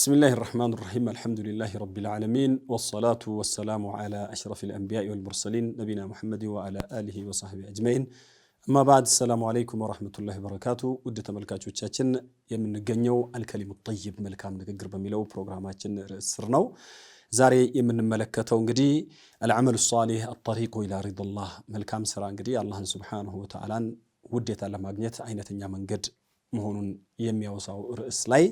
بسم الله الرحمن الرحيم الحمد لله رب العالمين والصلاة والسلام على أشرف الأنبياء والمرسلين نبينا محمد وعلى آله وصحبه أجمعين أما بعد السلام عليكم ورحمة الله وبركاته ودة ملكات وشاتشن يمن قنيو الكلم الطيب ملكا من قرب ميلو بروغراماتشن زاري يمن ملكته ونقدي العمل الصالح الطريق إلى رضا الله ملكا مسرا نقدي الله سبحانه وتعالى ودة لما قنيت عينة نعم قد مهون يمي وصاو رأس لي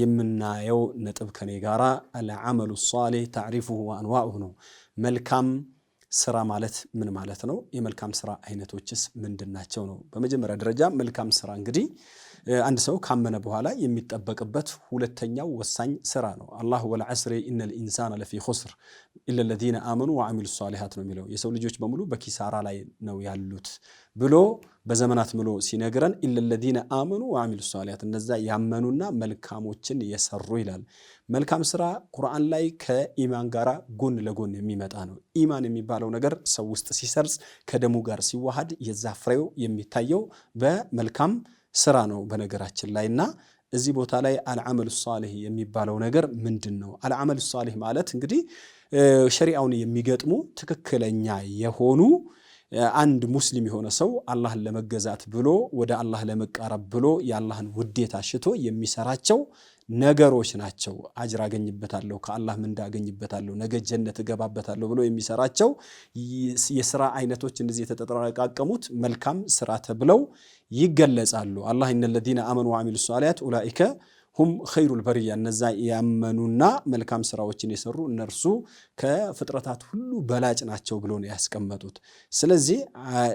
የምናየው ነጥብ ከኔ ጋራ አልዓመሉ ሷሊህ ታዕሪፉሁ ወአንዋኡሁ ነው። መልካም ስራ ማለት ምን ማለት ነው? የመልካም ስራ አይነቶችስ ምንድናቸው ነው? በመጀመሪያ ደረጃ መልካም ስራ እንግዲህ አንድ ሰው ካመነ በኋላ የሚጠበቅበት ሁለተኛው ወሳኝ ስራ ነው። አላህ ወልዐስሪ ኢነል ኢንሳነ ለፊ ኹስር ኢለለዚነ አመኑ ወዐሚሉ ሷሊሃት ነው የሚለው። የሰው ልጆች በሙሉ በኪሳራ ላይ ነው ያሉት ብሎ በዘመናት ምሎ ሲነግረን ኢለለዚነ አመኑ ወአሚሉ ሷሊያት እነዛ ያመኑና መልካሞችን የሰሩ ይላል። መልካም ስራ ቁርአን ላይ ከኢማን ጋር ጎን ለጎን የሚመጣ ነው። ኢማን የሚባለው ነገር ሰው ውስጥ ሲሰርጽ ከደሙ ጋር ሲዋሃድ የዛ ፍሬው የሚታየው በመልካም ስራ ነው። በነገራችን ላይ እና እዚህ ቦታ ላይ አልአመል ሷሊህ የሚባለው ነገር ምንድን ነው? አልዓመሉ ሷሊህ ማለት እንግዲህ ሸሪአውን የሚገጥሙ ትክክለኛ የሆኑ አንድ ሙስሊም የሆነ ሰው አላህን ለመገዛት ብሎ ወደ አላህ ለመቃረብ ብሎ የአላህን ውዴታ ሽቶ የሚሰራቸው ነገሮች ናቸው። አጅር አገኝበታለሁ፣ ከአላህ ምንዳ አገኝበታለሁ፣ ነገ ጀነት እገባበታለሁ ብሎ የሚሰራቸው የስራ አይነቶች እነዚህ የተጠራቃቀሙት መልካም ስራ ተብለው ይገለጻሉ። አላህ ኢነለዚነ አመኑ ወአሚሉ ሷሊያት ኡላኢከ ሁም ኸይሩል በርያ እነዛ ያመኑና መልካም ስራዎችን የሰሩ እነርሱ ከፍጥረታት ሁሉ በላጭ ናቸው ብሎ ነው ያስቀመጡት። ስለዚህ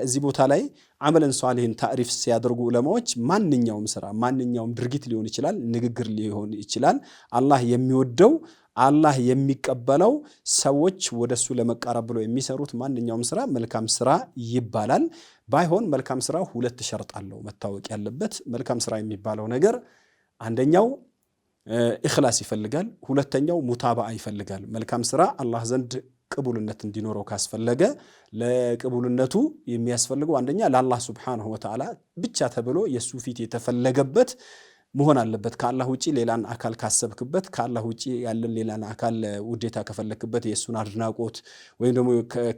እዚህ ቦታ ላይ አመለን ሷሊህን ታሪፍ ሲያደርጉ ዑለማዎች ማንኛውም ስራ ማንኛውም ድርጊት ሊሆን ይችላል፣ ንግግር ሊሆን ይችላል አላህ የሚወደው አላህ የሚቀበለው ሰዎች ወደሱ ለመቃረብ ብለው የሚሰሩት ማንኛውም ስራ መልካም ስራ ይባላል። ባይሆን መልካም ስራ ሁለት ሸርጥ አለው መታወቅ ያለበት መልካም ስራ የሚባለው ነገር አንደኛው እኽላስ ይፈልጋል። ሁለተኛው ሙታባአ ይፈልጋል። መልካም ስራ አላህ ዘንድ ቅቡልነት እንዲኖረው ካስፈለገ ለቅቡልነቱ የሚያስፈልገው አንደኛ ለአላህ ሱብሓነሁ ወተዓላ ብቻ ተብሎ የእሱ ፊት የተፈለገበት መሆን አለበት። ከአላህ ውጪ ሌላን አካል ካሰብክበት፣ ከአላህ ውጪ ያለን ሌላን አካል ውዴታ ከፈለክበት፣ የእሱን አድናቆት ወይም ደግሞ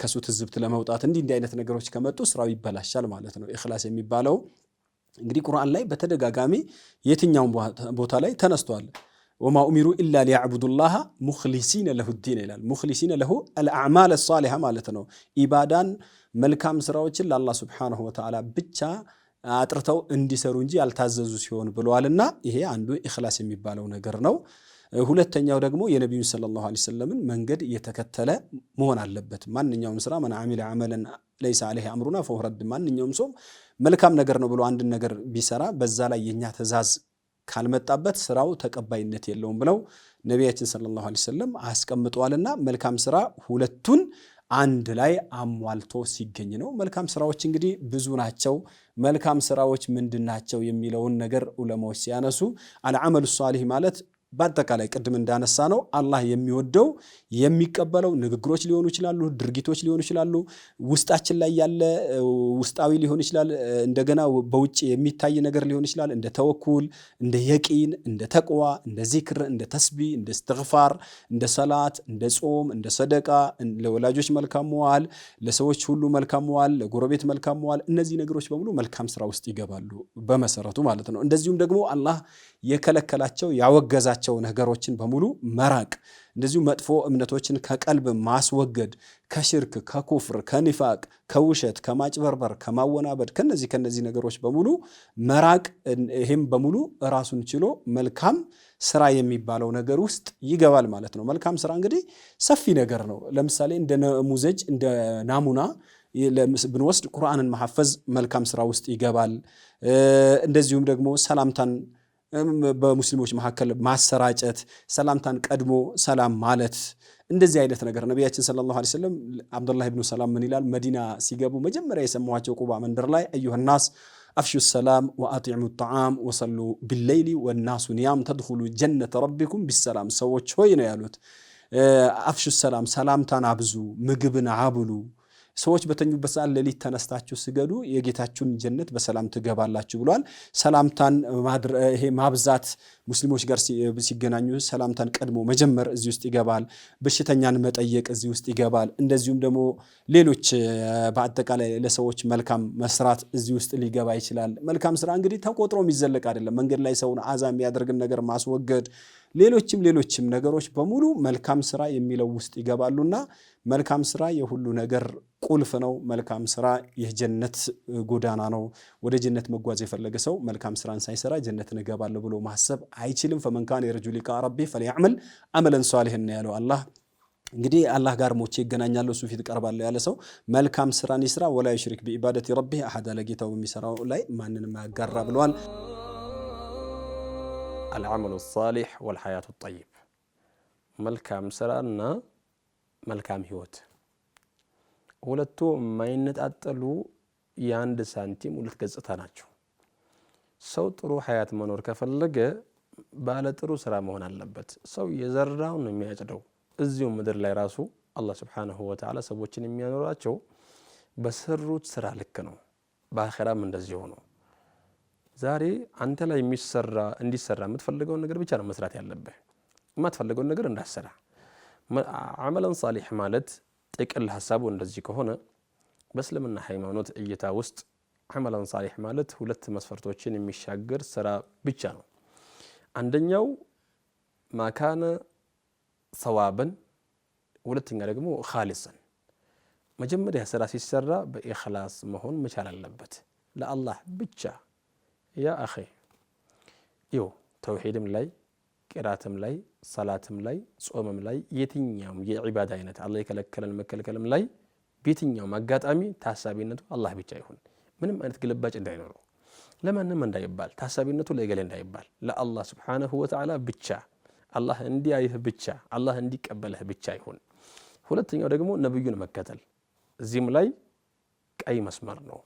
ከእሱ ትዝብት ለመውጣት እንዲህ እንዲህ አይነት ነገሮች ከመጡ ስራው ይበላሻል ማለት ነው። ኢኽላስ የሚባለው እንግዲህ ቁርአን ላይ በተደጋጋሚ የትኛውም ቦታ ላይ ተነስቷል። ወማ ኡሚሩ ኢላ ሊያዕቡዱላሃ ሙኽሊሲነ ለሁ ዲን ይላል። ሙኽሊሲነ ለሁ አልአዕማል ሳሊሃ ማለት ነው። ኢባዳን መልካም ስራዎችን ለአላህ ስብሓነሁ ወተዓላ ብቻ አጥርተው እንዲሰሩ እንጂ ያልታዘዙ ሲሆን ብለዋልና ይሄ አንዱ ኢኽላስ የሚባለው ነገር ነው። ሁለተኛው ደግሞ የነቢዩን ሰለላሁ ዐለይሂ ወሰለምን መንገድ የተከተለ መሆን አለበት። ማንኛውም ስራ መን ዐሚለ ዐመለን ለይሰ ዐለይሂ አምሩና ፈሁረድ ማንኛውም ሰው መልካም ነገር ነው ብሎ አንድን ነገር ቢሰራ በዛ ላይ የእኛ ትእዛዝ ካልመጣበት ስራው ተቀባይነት የለውም ብለው ነቢያችን ሰለላሁ ዐለይሂ ወሰለም አስቀምጠዋልና መልካም ስራ ሁለቱን አንድ ላይ አሟልቶ ሲገኝ ነው። መልካም ስራዎች እንግዲህ ብዙ ናቸው። መልካም ስራዎች ምንድናቸው የሚለውን ነገር ዑለማዎች ሲያነሱ አልዓመሉ ሷሊህ ማለት በአጠቃላይ ቅድም እንዳነሳ ነው አላህ የሚወደው የሚቀበለው ንግግሮች ሊሆኑ ይችላሉ፣ ድርጊቶች ሊሆኑ ይችላሉ፣ ውስጣችን ላይ ያለ ውስጣዊ ሊሆን ይችላል፣ እንደገና በውጭ የሚታይ ነገር ሊሆን ይችላል። እንደ ተወኩል፣ እንደ የቂን፣ እንደ ተቅዋ፣ እንደ ዚክር፣ እንደ ተስቢ፣ እንደ እስትግፋር፣ እንደ ሰላት፣ እንደ ጾም፣ እንደ ሰደቃ፣ ለወላጆች መልካም መዋል፣ ለሰዎች ሁሉ መልካም መዋል፣ ለጎረቤት መልካም መዋል። እነዚህ ነገሮች በሙሉ መልካም ስራ ውስጥ ይገባሉ በመሰረቱ ማለት ነው። እንደዚሁም ደግሞ አላህ የከለከላቸው ያወገዛቸው የምንላቸው ነገሮችን በሙሉ መራቅ፣ እንደዚሁ መጥፎ እምነቶችን ከቀልብ ማስወገድ፣ ከሽርክ፣ ከኩፍር፣ ከኒፋቅ፣ ከውሸት፣ ከማጭበርበር፣ ከማወናበድ ከነዚህ ከነዚህ ነገሮች በሙሉ መራቅ። ይህም በሙሉ ራሱን ችሎ መልካም ስራ የሚባለው ነገር ውስጥ ይገባል ማለት ነው። መልካም ስራ እንግዲህ ሰፊ ነገር ነው። ለምሳሌ እንደ ሙዘጅ እንደ ናሙና ብንወስድ ቁርአንን መሐፈዝ መልካም ስራ ውስጥ ይገባል። እንደዚሁም ደግሞ ሰላምታን በሙስሊሞች መካከል ማሰራጨት፣ ሰላምታን ቀድሞ ሰላም ማለት እንደዚህ አይነት ነገር ነቢያችን ሰለላሁ ዐለይሂ ወሰለም አብዱላህ ብኑ ሰላም ምን ይላል? መዲና ሲገቡ መጀመሪያ የሰማኋቸው ቁባ መንደር ላይ አዩሃ ናስ አፍሹ ሰላም ወአጢዕሙ ጠዓም ወሰሉ ቢለይሊ ወናሱ ኒያም ተድኹሉ ጀነተ ረቢኩም ቢሰላም። ሰዎች ሆይ ነው ያሉት። አፍሹ ሰላም ሰላምታን አብዙ፣ ምግብን አብሉ ሰዎች በተኙበት ሰዓት ሌሊት ተነስታችሁ ስገዱ የጌታችሁን ጀነት በሰላም ትገባላችሁ ብሏል። ሰላምታን ይሄ ማብዛት ሙስሊሞች ጋር ሲገናኙ ሰላምታን ቀድሞ መጀመር እዚህ ውስጥ ይገባል። በሽተኛን መጠየቅ እዚህ ውስጥ ይገባል። እንደዚሁም ደግሞ ሌሎች በአጠቃላይ ለሰዎች መልካም መስራት እዚህ ውስጥ ሊገባ ይችላል። መልካም ስራ እንግዲህ ተቆጥሮ የሚዘለቅ አይደለም። መንገድ ላይ ሰውን አዛ የሚያደርግን ነገር ማስወገድ ሌሎችም ሌሎችም ነገሮች በሙሉ መልካም ስራ የሚለው ውስጥ ይገባሉና መልካም ስራ የሁሉ ነገር ቁልፍ ነው። መልካም ስራ የጀነት ጎዳና ነው። ወደ ጀነት መጓዝ የፈለገ ሰው መልካም ስራን ሳይሰራ ጀነት እገባለሁ ብሎ ማሰብ አይችልም። ፈመንካን የረጁ ሊቃ ረቢ ፈሊያዕመል አመለን ሷሊህን ያለው አላህ እንግዲህ አላህ ጋር ሞቼ ይገናኛለሁ እሱ ፊት ቀርባለሁ ያለ ሰው መልካም ስራን ይስራ። ወላ ዩሽሪክ ቢኢባደቲ ረቢህ አሐዳ ለጌታው በሚሰራው ላይ ማንንም አያጋራ ብለዋል። አልዓመሉ ሳሊሕ ወልሐያቱ ጠይብ መልካም ስራና መልካም ህይወት ሁለቱ የማይነጣጠሉ የአንድ ሳንቲም ሁለት ገጽታ ናቸው። ሰው ጥሩ ሀያት መኖር ከፈለገ ባለ ጥሩ ስራ መሆን አለበት። ሰው የዘራውን ነው የሚያጭደው። እዚሁ ምድር ላይ ራሱ አላህ ስብሓነሁ ወተዓላ ሰዎችን የሚያኖራቸው በሰሩት ስራ ልክ ነው። በአኼራም እንደዚሁ ነው። ዛሬ አንተ ላይ የሚሰራ እንዲሰራ የምትፈልገውን ነገር ብቻ ነው መስራት ያለብህ። የማትፈልገውን ነገር እንዳሰራ። አመለን ሳሊሕ ማለት ጥቅል ሀሳቡ እንደዚህ ከሆነ በእስልምና ሃይማኖት እይታ ውስጥ አመለን ሳሊሕ ማለት ሁለት መስፈርቶችን የሚሻገር ስራ ብቻ ነው። አንደኛው ማካነ ሰዋበን፣ ሁለተኛ ደግሞ ካሊሰን። መጀመሪያ ስራ ሲሰራ በኢኽላስ መሆን መቻል አለበት ለአላህ ብቻ ያ አኼ ይው ተውሂድም ላይ ቅራትም ላይ ሰላትም ላይ ጾምም ላይ የትኛውም የዒባዳ አይነት አላህ የከለከለን መከልከልም ላይ በየትኛውም አጋጣሚ ታሳቢነቱ አላህ ብቻ ይሁን። ምንም አይነት ግልባጭ እንዳይኖረው፣ ለማንም እንዳይባል፣ ታሳቢነቱ ለገሌ እንዳይባል፣ ለአላህ ስብሓነሁ ወተዓላ ብቻ አላህ እንዲያይህ ብቻ አላህ እንዲቀበልህ ብቻ ይሁን። ሁለተኛው ደግሞ ነብዩን መከተል እዚህም ላይ ቀይ መስመር ነው።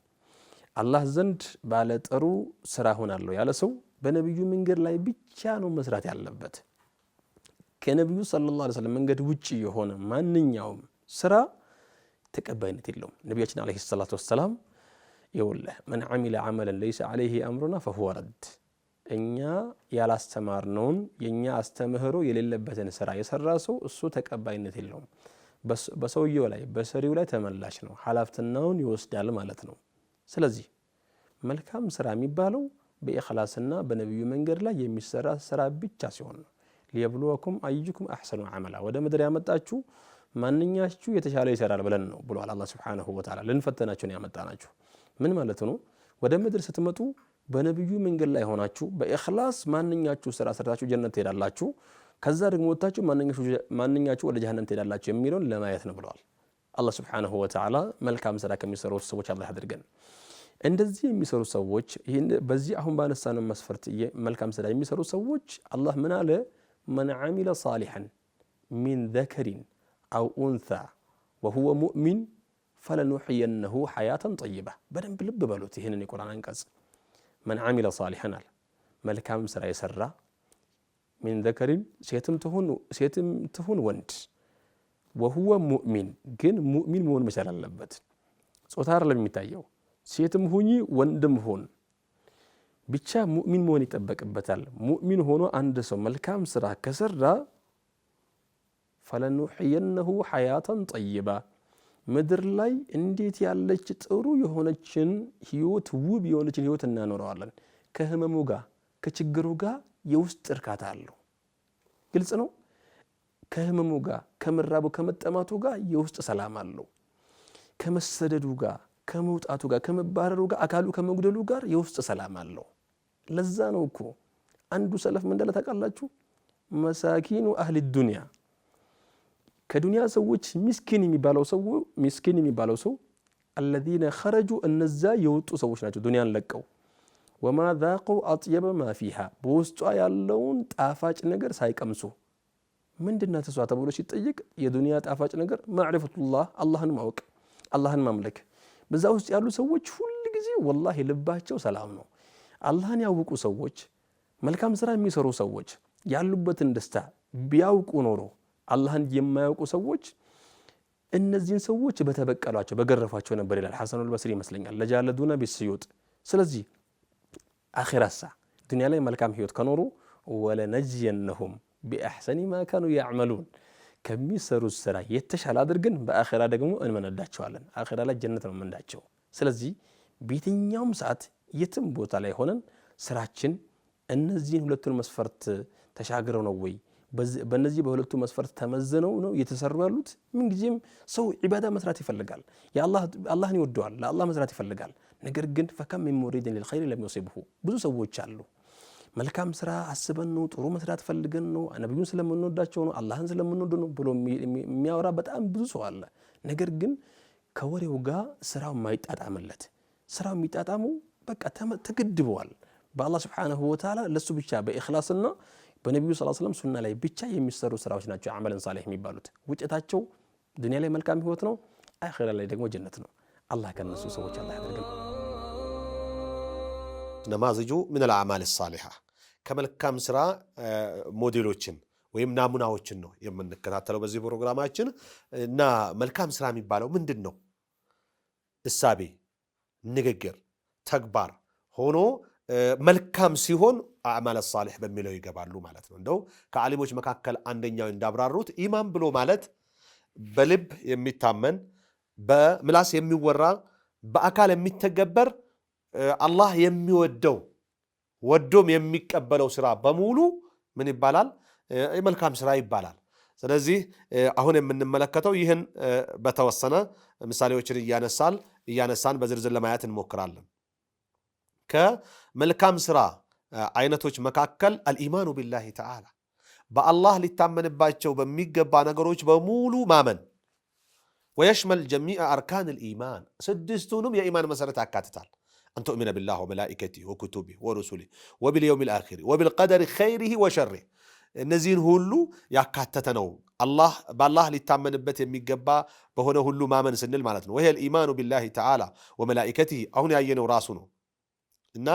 አላህ ዘንድ ባለ ጥሩ ስራ ሆናለሁ ያለ ሰው በነቢዩ መንገድ ላይ ብቻ ነው መስራት ያለበት። ከነቢዩ ሰለላሁ ዐለይሂ ወሰለም መንገድ ውጭ የሆነ ማንኛውም ስራ ተቀባይነት የለውም። ነቢያችን ዐለይሂ ሰላቱ ወሰላም ይኸውልህ መን ዐሚለ ዐመለን ለይሰ ዐለይሂ አምሩና ፈሁወ ረድ፣ እኛ ያላስተማርነውን የእኛ አስተምህሮ የሌለበትን ስራ የሰራ ሰው እሱ ተቀባይነት የለውም። በሰውየው ላይ በሰሪው ላይ ተመላሽ ነው፣ ኃላፍትናውን ይወስዳል ማለት ነው። ስለዚህ መልካም ስራ የሚባለው በኢኽላስና በነቢዩ መንገድ ላይ የሚሰራ ስራ ብቻ ሲሆን ነው። ሊየብሉወኩም አዩኩም አሕሰኑ አመላ ወደ ምድር ያመጣችሁ ማንኛችሁ የተሻለ ይሰራል ብለን ነው ብሏል አላህ ሱብሓነሁ ወተዓላ። ልንፈተናችሁን ያመጣናችሁ ምን ማለት ነው? ወደ ምድር ስትመጡ በነቢዩ መንገድ ላይ ሆናችሁ በኢኽላስ ማንኛችሁ ስራ ሰርታችሁ ጀነት ትሄዳላችሁ፣ ከዛ ደግሞ ወጥታችሁ ማንኛችሁ ወደ ጀሃነም ትሄዳላችሁ የሚለውን ለማየት ነው ብለዋል። አላህ ስብሓነሁ ወተዓላ መልካም ስራ ከሚሰሩት ሰዎች አላህ ያድርገን። እንደዚህ የሚሰሩ ሰዎች ይህን በዚህ አሁን ባነሳነው መስፈርት መልካም ስራ የሚሰሩ ሰዎች አላህ ምን አለ? መን ዓሚለ ሳሊሐን ሚን ዘከሪን አው ኡንሳ ወሁወ ሙእሚን ፈለኑሕየነሁ ሐያተን ጠይባ። በደንብ ልብ በሉት ይህንን የቁርአን አንቀጽ። መን ዓሚለ ሳሊሐን አለ መልካም ስራ የሰራ ሚን ዘከሪን ሴትም ትሁን ወንድ ወሁወ ሙእሚን ግን ሙእሚን መሆን መቻል አለበት። ጾታ አይደለም የሚታየው። ሴትም ሁኚ ወንድም ሁን ብቻ ሙእሚን መሆን ይጠበቅበታል። ሙእሚን ሆኖ አንድ ሰው መልካም ስራ ከሰራ ፈለኑሕየነሁ ሐያተን ጠይባ ምድር ላይ እንዴት ያለች ጥሩ የሆነችን ህይወት ውብ የሆነችን ህይወት እናኖረዋለን። ከህመሙ ጋር ከችግሩ ጋር የውስጥ እርካታ አለው። ግልጽ ነው። ከህመሙ ጋር ከመራቡ ከመጠማቱ ጋር የውስጥ ሰላም አለው። ከመሰደዱ ጋር ከመውጣቱ ጋር ከመባረሩ ጋር አካሉ ከመጉደሉ ጋር የውስጥ ሰላም አለው። ለዛ ነው እኮ አንዱ ሰለፍ ምን እንዳለ ታውቃላችሁ? መሳኪኑ አህሊ ዱንያ ከዱንያ ሰዎች ሚስኪን የሚባለው ሰው ሚስኪን የሚባለው ሰው አለዚነ ኸረጁ እነዛ የወጡ ሰዎች ናቸው ዱንያን ለቀው ወማ ዛቁ አጥየበ ማፊሃ በውስጧ ያለውን ጣፋጭ ነገር ሳይቀምሱ ምንድናት እሷ ተብሎ ሲጠይቅ የዱንያ ጣፋጭ ነገር ማዕሪፈቱላህ አላህን ማወቅ፣ አላህን ማምለክ። በዛ ውስጥ ያሉ ሰዎች ሁል ጊዜ ወላሂ ልባቸው ሰላም ነው። አላህን ያውቁ ሰዎች፣ መልካም ስራ የሚሰሩ ሰዎች ያሉበትን ደስታ ቢያውቁ ኖሮ አላህን የማያውቁ ሰዎች እነዚህን ሰዎች በተበቀሏቸው በገረፏቸው ነበር ይላል ሐሰኑ ልበስሪ ይመስለኛል ለጃለዱና ቢስዩጥ። ስለዚህ አኺራሳ ዱንያ ላይ መልካም ህይወት ከኖሩ ወለነጅየነሁም ቢአሕሰኒ ማካኑ ያዕመሉን ከሚሰሩት ስራ የተሻለ አድርገን በአኼራ ደግሞ እንመነዳቸዋለን። አኼራ ላይ ጀነት ነው የምንዳቸው። ስለዚህ በየትኛውም ሰዓት የትም ቦታ ላይ ሆነን ስራችን እነዚህን ሁለቱን መስፈርት ተሻግረው ነው ወይ በእነዚህ በሁለቱ መስፈርት ተመዝነው ነው እየተሰሩ ያሉት? ምንጊዜም ሰው ዒባዳ መስራት ይፈልጋል፣ አላህን ይወደዋል፣ ለአላህ መስራት ይፈልጋል። ነገር ግን ፈከም ሙሪድን ሊልኸይር ለም ብዙ ሰዎች አሉ መልካም ስራ አስበን ነው፣ ጥሩ መስራት ፈልገን ነው፣ ነቢዩን ስለምንወዳቸው ነው፣ አላህን ስለምንወድ ነው ብሎ የሚያወራ በጣም ብዙ ሰው አለ። ነገር ግን ከወሬው ጋር ስራው የማይጣጣምለት ስራው የሚጣጣሙ በቃ ተገድበዋል። በአላህ ስብሓነሁ ወተዓላ ለሱ ብቻ በኢኽላስና በነቢዩ ስ ስለም ሱና ላይ ብቻ የሚሰሩ ስራዎች ናቸው አመለን ሳሌሕ የሚባሉት። ውጭታቸው ዱንያ ላይ መልካም ህይወት ነው፣ አኺራ ላይ ደግሞ ጀነት ነው። አላህ ከነሱ ሰዎች አላህ ነማዝጁ ምንል አዕማል ሳሊሓ ከመልካም ስራ ሞዴሎችን ወይም ናሙናዎችን ነው የምንከታተለው በዚህ ፕሮግራማችን። እና መልካም ስራ የሚባለው ምንድን ነው? እሳቤ፣ ንግግር፣ ተግባር ሆኖ መልካም ሲሆን አዕማል ሳሊሕ በሚለው ይገባሉ ማለት ነው። እንደው ከዓሊሞች መካከል አንደኛው እንዳብራሩት ኢማን ብሎ ማለት በልብ የሚታመን በምላስ የሚወራ በአካል የሚተገበር አላህ የሚወደው ወዶም የሚቀበለው ስራ በሙሉ ምን ይባላል? መልካም ስራ ይባላል። ስለዚህ አሁን የምንመለከተው ይህን በተወሰነ ምሳሌዎችን እያነሳል እያነሳን በዝርዝር ለማየት እንሞክራለን። ከመልካም ስራ አይነቶች መካከል አልኢማኑ ቢላሂ ተዓላ በአላህ ሊታመንባቸው በሚገባ ነገሮች በሙሉ ማመን ወየሽመል ጀሚዕ አርካን ልኢማን ስድስቱንም የኢማን መሰረት ያካትታል። አን ቱእሚነ ቢላህ ወመላኢከቲህ ወኩቱቢህ ወሩሱሊህ ወቢልየውሚል አኺር ወቢልቀደሪ ኸይሪህ ወሸሪህ እነዚህን ሁሉ ያካተተ ነው። በአላህ ሊታመንበት የሚገባ በሆነ ሁሉ ማመን ስንል ማለት ነው። ወሂየል ልኢማኑ ቢላሂ ተዓላ ወመላኢከቲህ አሁን ያየነው ራሱ ነው እና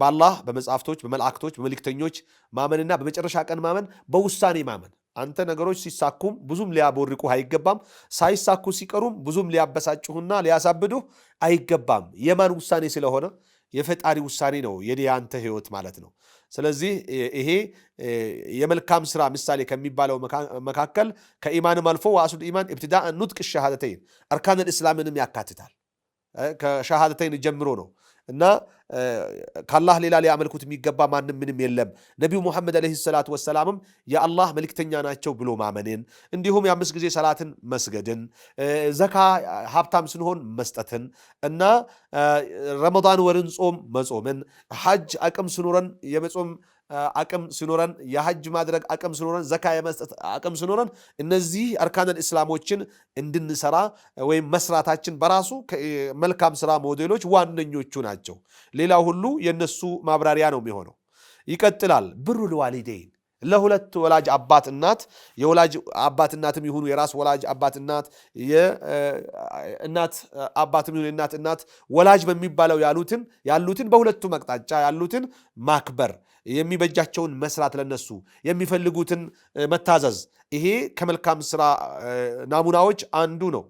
በአላህ በመጽሐፍቶች፣ በመላእክቶች፣ በመልእክተኞች ማመንና በመጨረሻ ቀን ማመን፣ በውሳኔ ማመን አንተ ነገሮች ሲሳኩም ብዙም ሊያቦርቁህ አይገባም። ሳይሳኩ ሲቀሩም ብዙም ሊያበሳጭሁና ሊያሳብዱህ አይገባም። የማን ውሳኔ ስለሆነ የፈጣሪ ውሳኔ ነው፣ የአንተ ህይወት ማለት ነው። ስለዚህ ይሄ የመልካም ስራ ምሳሌ ከሚባለው መካከል ከኢማንም አልፎ ዋሱል ኢማን እብትዳ ኑጥቅ ሸሃደተይን አርካንን እስላምንም ያካትታል። ከሸሃደተይን ጀምሮ ነው እና ከአላህ ሌላ ሊያመልኩት የሚገባ ማንም ምንም የለም። ነቢዩ ሙሐመድ ዓለይሂ ሰላቱ ወሰላምም የአላህ መልክተኛ ናቸው ብሎ ማመንን እንዲሁም የአምስት ጊዜ ሰላትን መስገድን፣ ዘካ ሀብታም ስንሆን መስጠትን እና ረመዳን ወርን ጾም መጾምን፣ ሐጅ አቅም ስኖረን የመጾም አቅም ሲኖረን የሐጅ ማድረግ አቅም ሲኖረን ዘካ የመስጠት አቅም ሲኖረን እነዚህ አርካነል እስላሞችን እንድንሰራ ወይም መስራታችን በራሱ መልካም ስራ ሞዴሎች ዋነኞቹ ናቸው። ሌላ ሁሉ የነሱ ማብራሪያ ነው የሚሆነው። ይቀጥላል። ብሩ ዋሊዴይን ለሁለት ወላጅ አባት እናት የወላጅ አባት እናትም ይሁኑ የራስ ወላጅ አባት እናት የእናት አባትም ይሁኑ የእናት እናት ወላጅ በሚባለው ያሉትን ያሉትን በሁለቱም አቅጣጫ ያሉትን ማክበር የሚበጃቸውን መስራት፣ ለነሱ የሚፈልጉትን መታዘዝ። ይሄ ከመልካም ስራ ናሙናዎች አንዱ ነው።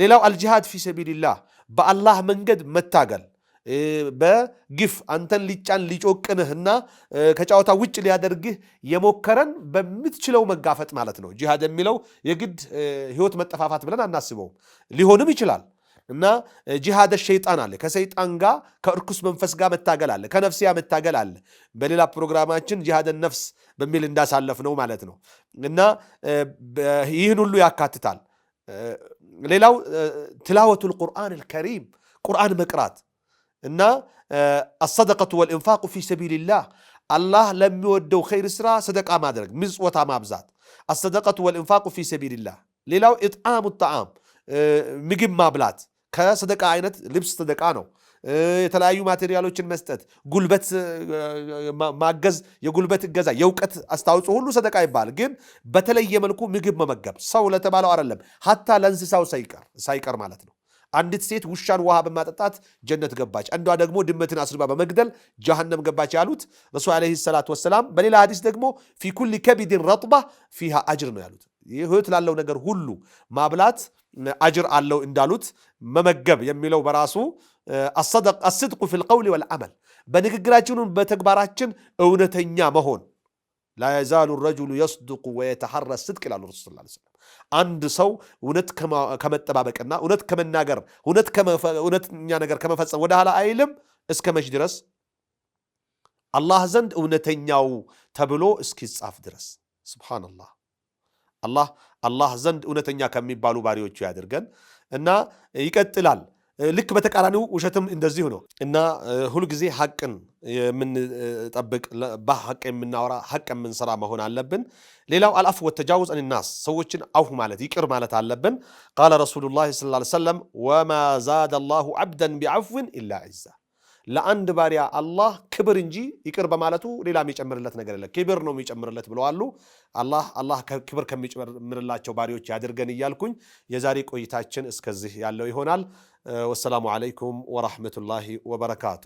ሌላው አልጂሃድ ፊ ሰቢልላህ በአላህ መንገድ መታገል በግፍ አንተን ሊጫን ሊጮቅንህ እና ከጨዋታ ውጭ ሊያደርግህ የሞከረን በምትችለው መጋፈጥ ማለት ነው። ጂሃድ የሚለው የግድ ህይወት መጠፋፋት ብለን አናስበውም። ሊሆንም ይችላል እና ጂሃደ ሸይጣን አለ። ከሰይጣን ጋር ከእርኩስ መንፈስ ጋር መታገል አለ። ከነፍስያ መታገል አለ። በሌላ ፕሮግራማችን ጂሃደ ነፍስ በሚል እንዳሳለፍ ነው ማለት ነው። እና ይህን ሁሉ ያካትታል። ሌላው ትላወቱል ቁርአን አልከሪም ቁርአን መቅራት እና አሰደቀቱ ወልኢንፋቁ ፊ ሰቢልላህ አላህ ለሚወደው ኸይር ስራ ሰደቃ ማድረግ ምጽወታ ማብዛት። አሰደቀቱ ወልኢንፋቁ ፊ ሰቢልላህ ሌላው ኢጥዓሙ ጣዓም ምግብ ማብላት ከሰደቃ አይነት ልብስ ሰደቃ ነው። የተለያዩ ማቴሪያሎችን መስጠት፣ ጉልበት ማገዝ፣ የጉልበት እገዛ፣ የእውቀት አስተዋጽኦ ሁሉ ሰደቃ ይባል። ግን በተለየ መልኩ ምግብ መመገብ ሰው ለተባለው አይደለም፣ ሀታ ለእንስሳው ሳይቀር ማለት ነው። አንዲት ሴት ውሻን ውሃ በማጠጣት ጀነት ገባች፣ አንዷ ደግሞ ድመትን አስርባ በመግደል ጀሃነም ገባች ያሉት ረሱል ዓለይሂ ሰላቱ ወሰላም። በሌላ ሀዲስ ደግሞ ፊ ኩል ከቢድን ረጥባ ፊሃ አጅር ነው ያሉት። ይህ ላለው ነገር ሁሉ ማብላት አጅር አለው እንዳሉት መመገብ የሚለው በራሱ አስድቁ ፊል ቀውል ወልዓመል በንግግራችን በተግባራችን እውነተኛ መሆን ላየዛሉ ረጅሉ የስድቁ ወየተሐረ ስድቅ ይላሉ ረሱል ሰለላሁ አንድ ሰው እውነት ከመጠባበቅና እውነት ከመናገር እውነተኛ ነገር ከመፈጸም ወደ ኋላ አይልም እስከ መች ድረስ? አላህ ዘንድ እውነተኛው ተብሎ እስኪጻፍ ድረስ። ስብሓነላህ አላህ አላህ ዘንድ እውነተኛ ከሚባሉ ባሪዎቹ ያድርገን እና ይቀጥላል። ልክ በተቃራኒው ውሸትም እንደዚሁ ነው እና ሁልጊዜ ሀቅን የምንጠብቅ በሐቅ የምናወራ ሐቅ የምንሰራ መሆን አለብን። ሌላው አልአፍ ወተጃውዝ አንናስ ሰዎችን አፉ ማለት ይቅር ማለት አለብን። ቃለ ረሱሉላህ ሰለላሁ ዐለይሂ ወሰለም ወማ ዛደ ላሁ ዐብደን ቢዐፍዊን ኢላ ዒዛ ለአንድ ባሪያ አላህ ክብር እንጂ ይቅር በማለቱ ሌላ የሚጨምርለት ነገር የለም። ክብር ነው የሚጨምርለት ብለዋሉ። አላህ አላህ ክብር ከሚጨምርላቸው ባሪዎች ያድርገን እያልኩኝ የዛሬ ቆይታችን እስከዚህ ያለው ይሆናል። ወሰላሙ ዓለይኩም ወራህመቱላሂ ወበረካቱ።